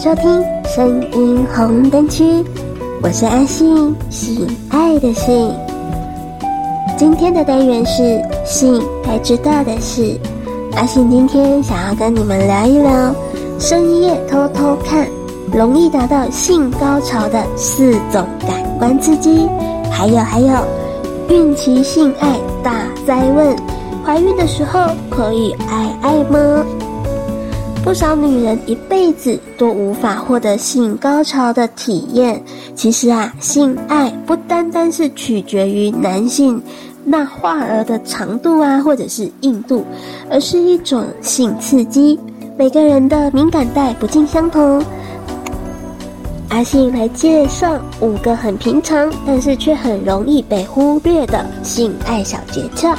收聽聲音紅燈區，我是阿信，喜愛的信。今天的單元是性該知道的事。阿信今天想要跟你們聊一聊深夜偷偷看容易達到性高潮的四種感官刺激，還有還有孕期性愛大哉問，懷孕的時候可以愛愛嗎？不少女人一輩子都無法獲得性高潮的體驗。其實啊，性愛不單單是取決於男性那話兒的長度啊，或者是硬度，而是一種性刺激。每個人的敏感帶不盡相同。阿信、啊、來介紹五個很平常，但是卻很容易被忽略的性愛小訣竅。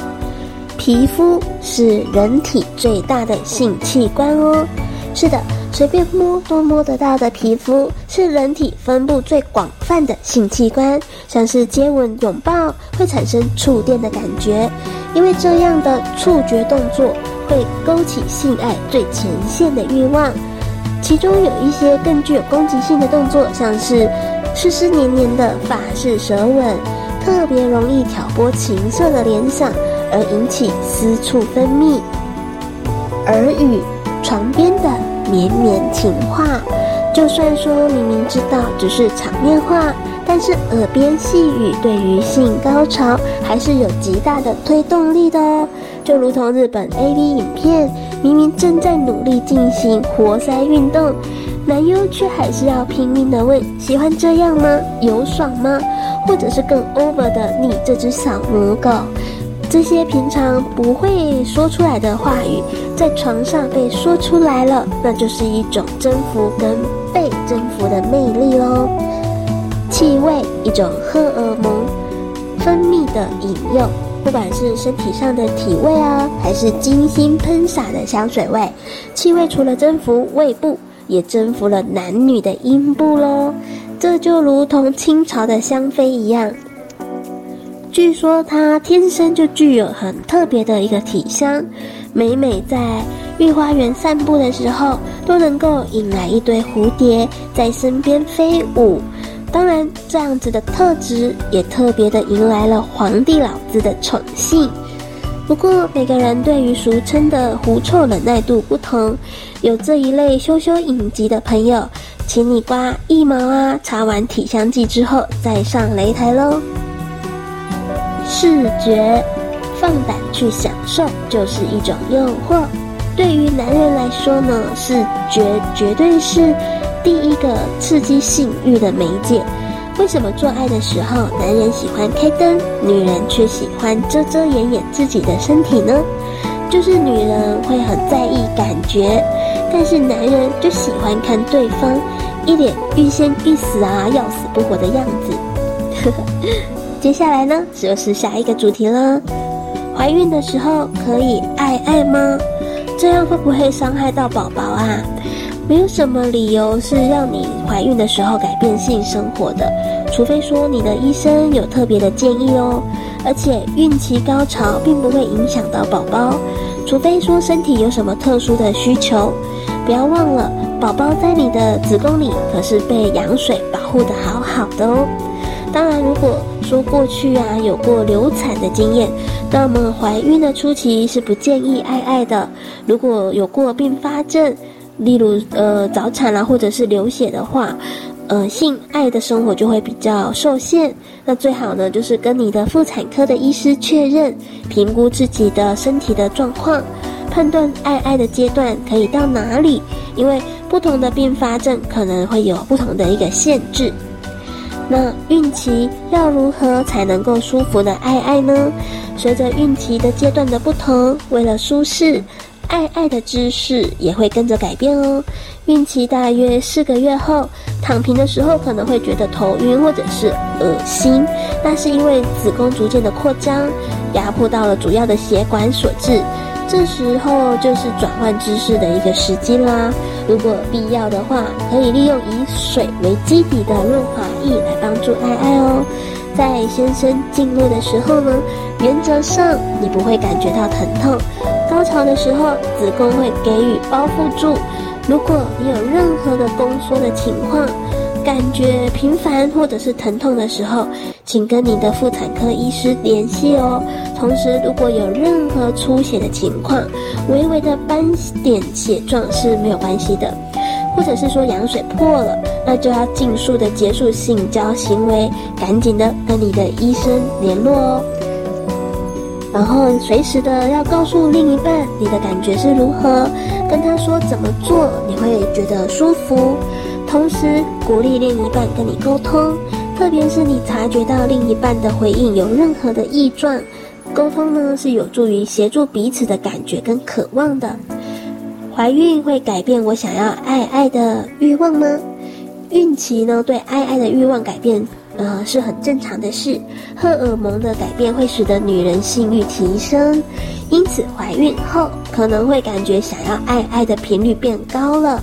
皮膚是人體最大的性器官哦。是的，隨便摸都摸得到的皮膚，是人體分布最廣泛的性器官。像是接吻、擁抱，會產生觸電的感覺，因為這樣的觸覺動作會勾起性愛最前線的慾望。其中有一些更具有攻擊性的動作，像是濕濕黏黏的法式舌吻，特別容易挑撥情色的聯想。而引起私處分泌，耳語床邊的綿綿情話，就算說明明知道只是場面話，但是耳邊細語對於性高潮還是有極大的推動力的哦。就如同日本 AV 影片，明明正在努力進行活塞運動，男優卻還是要拼命的問：“喜歡這樣嗎？有爽嗎？”或者是更 over 的：“你這隻小母狗。”這些平常不會說出來的話語，在床上被說出來了，那就是一種征服跟被征服的魅力咯。氣味，一種荷爾蒙分泌的引誘，不管是身體上的體味啊，還是精心噴灑的香水味，氣味除了征服胃部，也征服了男女的陰部咯。這就如同清朝的香妃一樣。據說他天生就具有很特別的一個體香，每每在御花園散步的時候，都能夠引來一堆蝴蝶在身邊飛舞。當然，這樣子的特質也特別的迎來了皇帝老子的寵幸。不過，每個人對於俗稱的狐臭忍耐度不同，有這一類羞羞隱疾的朋友，請你刮腋毛啊！擦完體香劑之後再上擂台嘍。視覺放膽去享受，就是一種誘惑，對於男人來說呢，視覺絕，絕對是第一個刺激性慾的媒介。為什麼做愛的時候男人喜歡開燈，女人卻喜歡遮遮掩掩自己的身體呢？就是女人會很在意感覺，但是男人就喜歡看對方一臉慾仙慾死啊、要死不活的樣子。 接下來呢，就是下一個主題了。懷孕的時候可以愛愛嗎？這樣會不會傷害到寶寶啊？沒有什麼理由是讓你懷孕的時候改變性生活的，除非說你的醫生有特別的建議哦。而且孕期高潮並不會影響到寶寶，除非說身體有什麼特殊的需求。不要忘了，寶寶在你的子宮裡可是被羊水保護得好好的哦。當然，如果說過去啊，有過流產的經驗，那麼懷孕的初期是不建議愛愛的。如果有過併發症，例如呃早産啦、啊、或者是流血的話，呃性愛的生活就會比較受限。那最好呢就是跟你的婦產科的醫師確認，評估自己的身體的狀況，判斷愛愛的階段可以到哪裡，因為不同的併發症可能會有不同的一個限制。那孕期要如何才能夠舒服的愛愛呢？隨着孕期的階段的不同，為了舒適。愛愛的姿勢也會跟着改變哦。孕期大約四個月後，躺平的時候可能會覺得頭暈或者是噁心，那是因為子宮逐漸的擴張，壓迫到了主要的血管所致。這時候就是轉換姿勢的一個時機啦。如果有必要的話，可以利用以水為基底的潤滑液來幫助愛愛哦。在先生進入的時候呢，原則上你不會感覺到疼痛。高潮的時候，子宮會給予包覆住。如果你有任何的宮縮的情況，感覺頻繁或者是疼痛的時候，請跟你的婦產科醫師聯繫哦。同時，如果有任何出血的情況，微微的斑點血狀是沒有關係的。或者是說羊水破了，那就要盡速的結束性交行為，趕緊的跟你的醫生聯絡哦。然後隨時的要告訴另一半你的感覺是如何，跟他說怎麼做你會覺得舒服。同時鼓勵另一半跟你溝通，特別是你察覺到另一半的回應有任何的異狀，溝通呢是有助於協助彼此的感覺跟渴望的。懷孕會改變我想要愛愛的慾望嗎？孕期呢，對愛愛的慾望改變，呃，是很正常的事。荷爾蒙的改變會使得女人性慾提升，因此懷孕後可能會感覺想要愛愛的頻率變高了。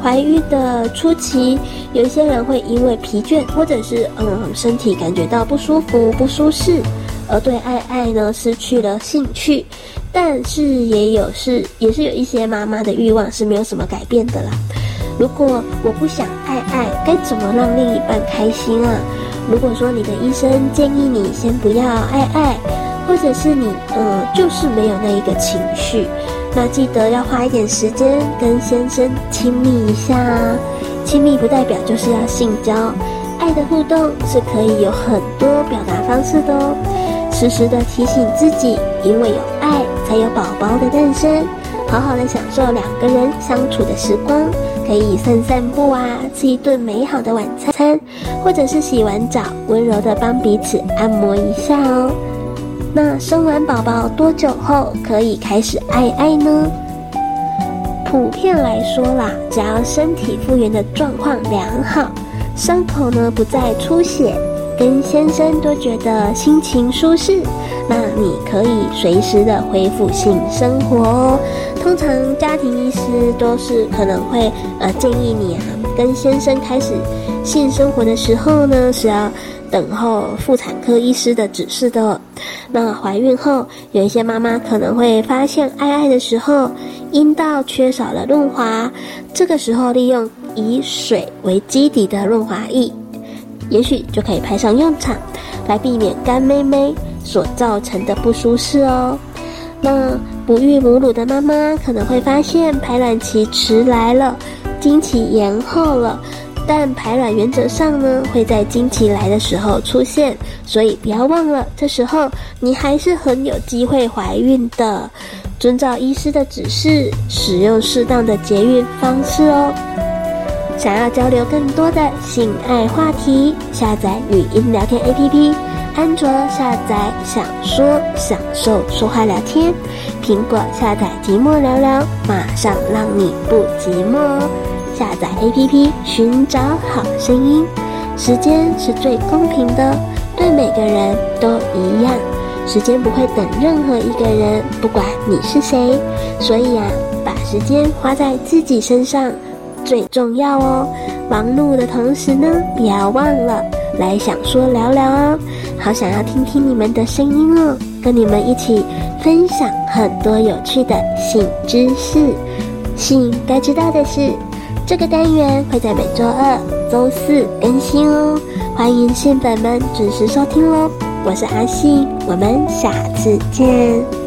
懷孕的初期，有些人會因為疲倦，或者是嗯、呃、身體感覺到不舒服、不舒適，而對愛愛呢失去了興趣。但是也有是也是有一些媽媽的欲望是沒有什麼改變的啦。如果我不想愛愛，該怎麼讓另一半開心啊？如果說你的醫生建議你先不要愛愛，或者是你嗯、呃、就是沒有那一個情緒，那記得要花一點時間跟先生親密一下啊。親密不代表就是要性交，愛的互動是可以有很多表達方式的哦。時時的提醒自己，因為有愛。還有寶寶的誕生，好好的享受兩個人相處的時光，可以散散步啊，吃一頓美好的晚餐，或者是洗完澡，溫柔的幫彼此按摩一下哦。那生完寶寶多久後可以開始愛愛呢？普遍來說啦，只要身體復原的狀況良好，傷口呢不再出血。連先生都覺得心情舒適，那你可以隨時的恢復性生活哦。通常家庭醫師都是可能會呃建議你啊，跟先生開始性生活的時候呢，是要等候婦產科醫師的指示的。那懷孕後，有一些媽媽可能會發現愛愛的時候陰道缺少了潤滑，這個時候利用以水為基底的潤滑液，也許就可以派上用場，來避免乾妹妹所造成的不舒適哦。那哺育母乳的媽媽可能會發現排卵期遲來了，經期延後了，但排卵原則上呢會在經期來的時候出現，所以不要忘了，這時候你還是很有機會懷孕的。遵照醫師的指示，使用適當的節育方式哦。想要交流更多的性愛話題，下載語音聊天 APP。安卓下載，享說，享受說話聊天；蘋果下載寂寞聊聊，馬上讓你不寂寞哦。下載 APP，尋找好聲音。時間是最公平的，對每個人都一樣。時間不會等任何一個人，不管你是誰。所以啊，把時間花在自己身上。最重要哦，忙碌的同時呢，不要忘了來享說聊聊哦，好想要聽聽你們的聲音哦，跟你們一起分享很多有趣的性知識。性該知道的事，這個單元會在每周二、周四更新哦，歡迎性粉們準時收聽嘍、哦。我是阿信，我們下次見。